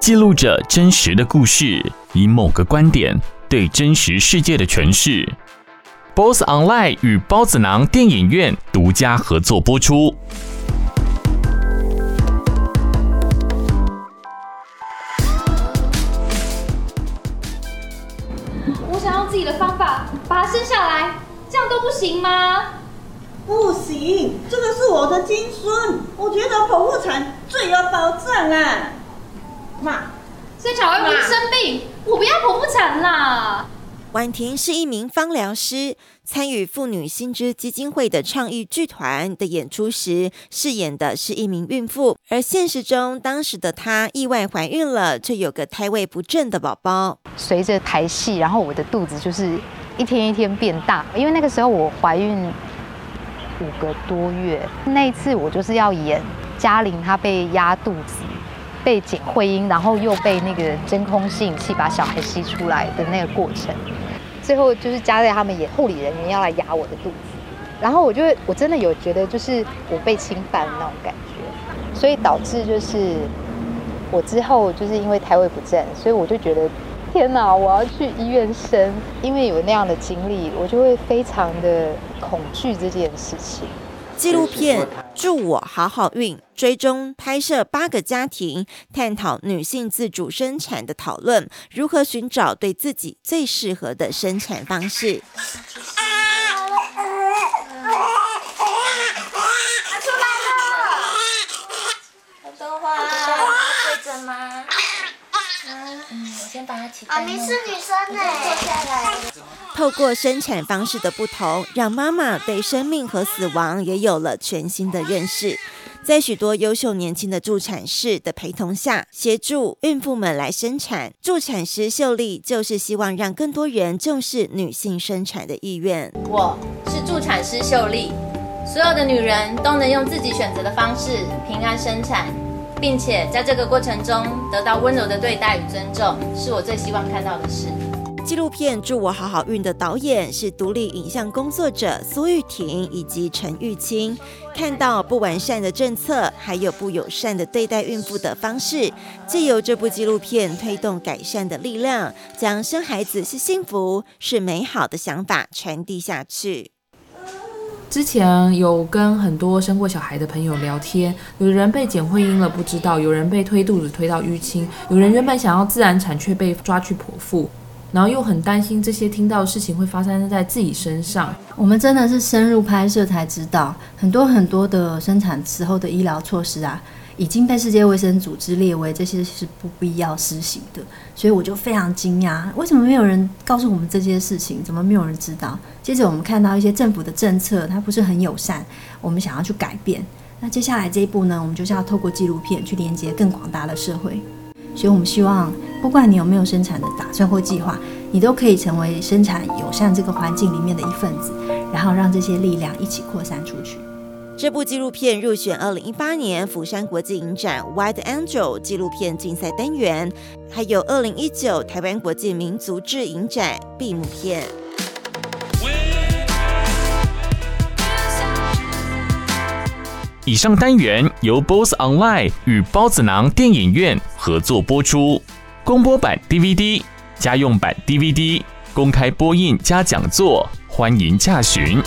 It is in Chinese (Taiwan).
記錄着真實的故事，以某個觀點對真實世界的詮釋。BOSS Online 與孢子囊電影院獨家合作播出。我想用自己的方法把他生下來，這樣都不行嗎？不行，這個是我的金孫，我覺得剖腹產最有保障啊。媽，所以小孩不是生病，我不要剖腹產啦。婉婷是一名芳療師，參與婦女新知基金會的創意劇團的演出時，飾演的是一名孕婦，而現實中當時的她意外懷孕了，卻有個胎位不正的寶寶。隨着排戲，然後我的肚子就是一天一天變大，因為那個時候我懷孕五個多月。那次我就是要演嘉玲，她被壓肚子。被剪會陰，然後又被那個真空吸引器把小孩吸出來的那個過程，最後就是加在他們也護理人員要來壓我的肚子，然後我就會我真的有覺得就是我被侵犯的那種感覺，所以導致就是我之後就是因為胎位不正，所以我就覺得天哪，我要去醫院生，因為有那樣的經歷，我就會非常的恐懼這件事情。紀錄片《祝我好好孕》，追蹤拍攝八個家庭，探討女性自主生產的討論，如何尋找對自己最適合的生產方式。啊，你是女生呢、啊。坐下來。透過生產方式的不同，讓媽媽對生命和死亡也有了全新的認識。在許多優秀年輕的助產士的陪同下，協助孕婦們來生產。助產師秀麗就是希望讓更多人重視女性生產的意願。我是助產師秀麗，所有的女人都能用自己選擇的方式平安生產。並且在這個過程中得到溫柔的對待與尊重，是我最希望看到的事。紀錄片《祝我好好孕》的導演是獨立影像工作者蘇鈺婷以及陳育青。看到不完善的政策，還有不友善的對待孕婦的方式，借由這部紀錄片推動改善的力量，將生孩子是幸福、是美好的想法傳遞下去。之前有跟很多生過小孩的朋友聊天，有人被剪會陰了不知道，有人被推肚子推到淤青，有人原本想要自然產卻被抓去剖腹。然後又很擔心這些聽到的事情會發生在自己身上。我們真的是深入拍攝才知道，很多很多的生產時候的醫療措施啊，已經被世界衛生組織列為這些是不必要施行的。所以我就非常驚訝，為什麼沒有人告訴我們這些事情？怎麼沒有人知道？接着我們看到一些政府的政策，它不是很友善，我們想要去改變。那接下來這一步呢？我們就是要透過紀錄片去連接更廣大的社會。所以，我們希望，不管你有沒有生產的打算或計劃，你都可以成為生產友善這個環境裡面的一份子，然後讓這些力量一起擴散出去。這部紀錄片入選2018年釜山國際影展 Wide Angle 紀錄片競賽單元，還有2019台灣國際民族志影展閉幕片。以上單元由 BOSS ONLINE 與孢子囊電影院合作播出，公播版 DVD、家用版 DVD，公開播映加講座，歡迎洽詢。